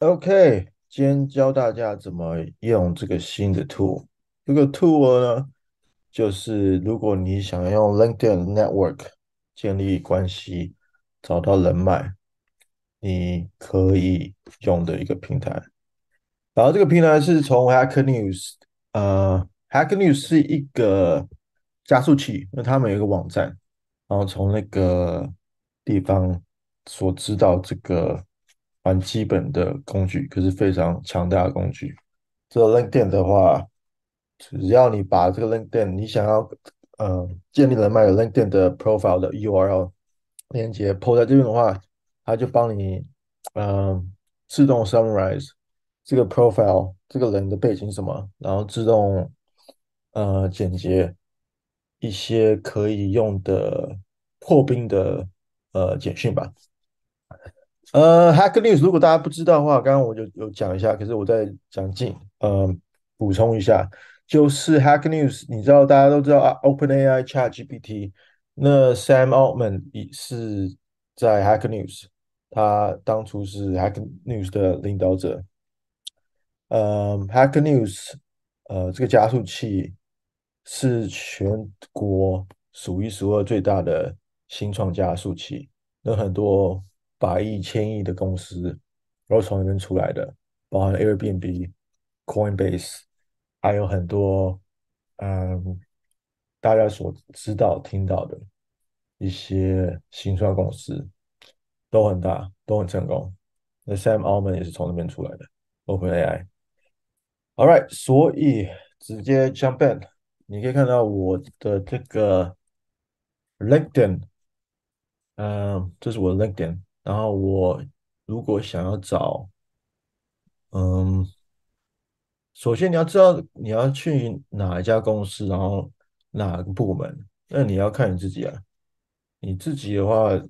OK，今天教大家怎麼用這個新的 tool。這個 tool 呢，就是如果你想用 LinkedIn Network 建立關係、找到人脈，你可以用的一個平台。然後這個平台是從 Hacker News，呃，Hacker News 是一個加速器，那他們有一個網站，然後從那個地方所知道這個。蠻基本的工具，可是非常強大的工具。這個 LinkedIn 的話，只要你把這個 LinkedIn，你想要呃建立人脈的 LinkedIn 的 profile 的 URL 鏈接 po 在這邊的話，它就幫你嗯、呃、自動 summarize 這個 profile 這個人的背景什麼，然後自動呃簡潔一些可以用的破冰的呃簡訊吧。呃、uh,，Hack News，如果大家不知道的話，剛剛我就有講一下，可是我再講進，嗯、呃，補充一下，就是 Hack News，你知道大家都知道啊、uh,，OpenAI ChatGPT，那 Sam Altman 也是在 Hack News，他當初是 Hack News 的領導者，嗯、uh,，Hack News，呃，這個加速器是全國數一數二最大的新創加速器，那很多。百億、千億的公司，都是從那邊出來的，包含 Airbnb、Coinbase，還有很多，嗯，大家所知道、聽到的一些新創公司，都很大，都很成功。那 Sam Altman 也是從那邊出來的，OpenAI。Alright，所以直接 jump in，你可以看到我的這個 LinkedIn，嗯，這是我的 LinkedIn。然後我如果想要找，嗯，首先你要知道你要去哪一家公司，然後哪個部門。那你要看你自己啊。你自己的話，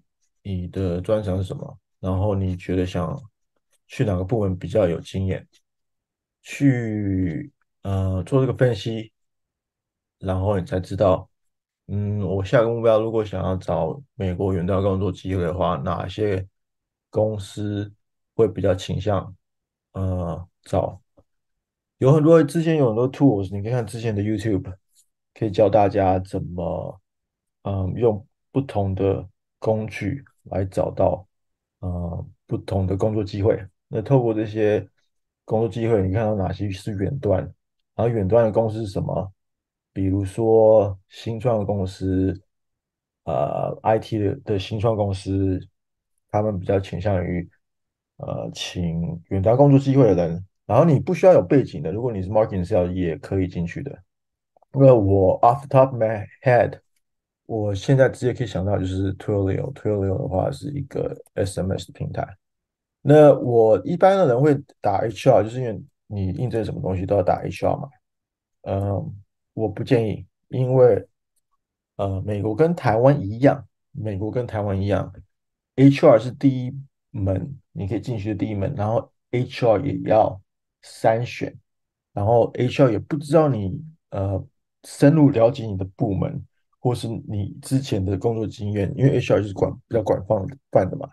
你的專長是什麼？然後你覺得想去哪個部門比較有經驗？去，呃，做這個分析，然後你才知道。嗯，我下一個目標如果想要找美國遠端工作機會的話，哪些公司會比較傾向？呃，找有很多之前有很多 tools，你可以看之前的 YouTube，可以教大家怎麼，嗯、呃，用不同的工具來找到，呃，不同的工作機會。那透過這些工作機會，你看到哪些是遠端？然後遠端的公司是什麼？比如說新創公司，呃，IT 的的新創公司，他們比較傾向於呃，請遠端工作機會的人，然後你不需要有背景的，如果你是 marketing sales，也可以進去的。那我 off top my head，我現在直接可以想到就是 Twilio，Twilio 的話是一個 SMS 平台。那我一般的人會打 HR，就是因為你應徵什麼東西都要打 HR 嘛，嗯。我不建議，因為呃，美國跟台灣一樣，美國跟台灣一樣，HR 是第一門你可以進去的第一門，然後 HR 也要篩選，然後 HR 也不知道你呃深入了解你的部門或是你之前的工作經驗，因為 HR 就是管比較廣泛泛的嘛。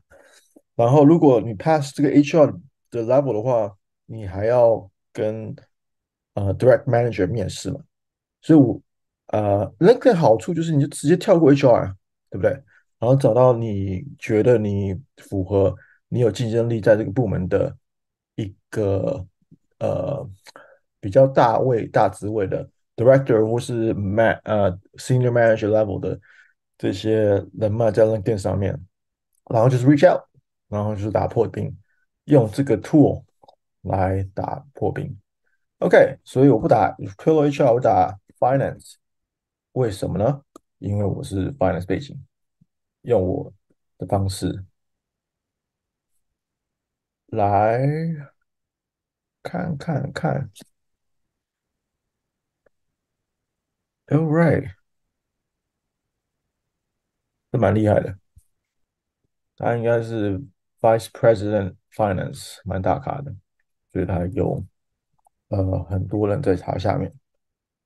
然後如果你 pass 這個 HR 的 level 的話，你還要跟呃 Direct Manager 面試嘛。所以我，呃、uh,，LinkedIn 好處就是你就直接跳過 HR，對不對？然後找到你覺得你符合、你有競爭力在這個部門的一個呃、uh, 比較大位、大職位的 Director 或是 Man 呃、uh, Senior Manager level 的這些人脈在 LinkedIn 上面，然後就是 Reach Out，然後就是打破冰，用這個 Tool 來打破冰。OK，所以我不打傳統 HR，我打。Finance 為什麼呢？因為我是 Finance 背景，用我的方式來看看看。Alright，、oh, 這蠻厲害的。他應該是 Vice President Finance，蠻大咖的，所以他有呃很多人在他下面。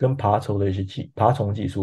跟爬蟲的一些技，爬蟲技術。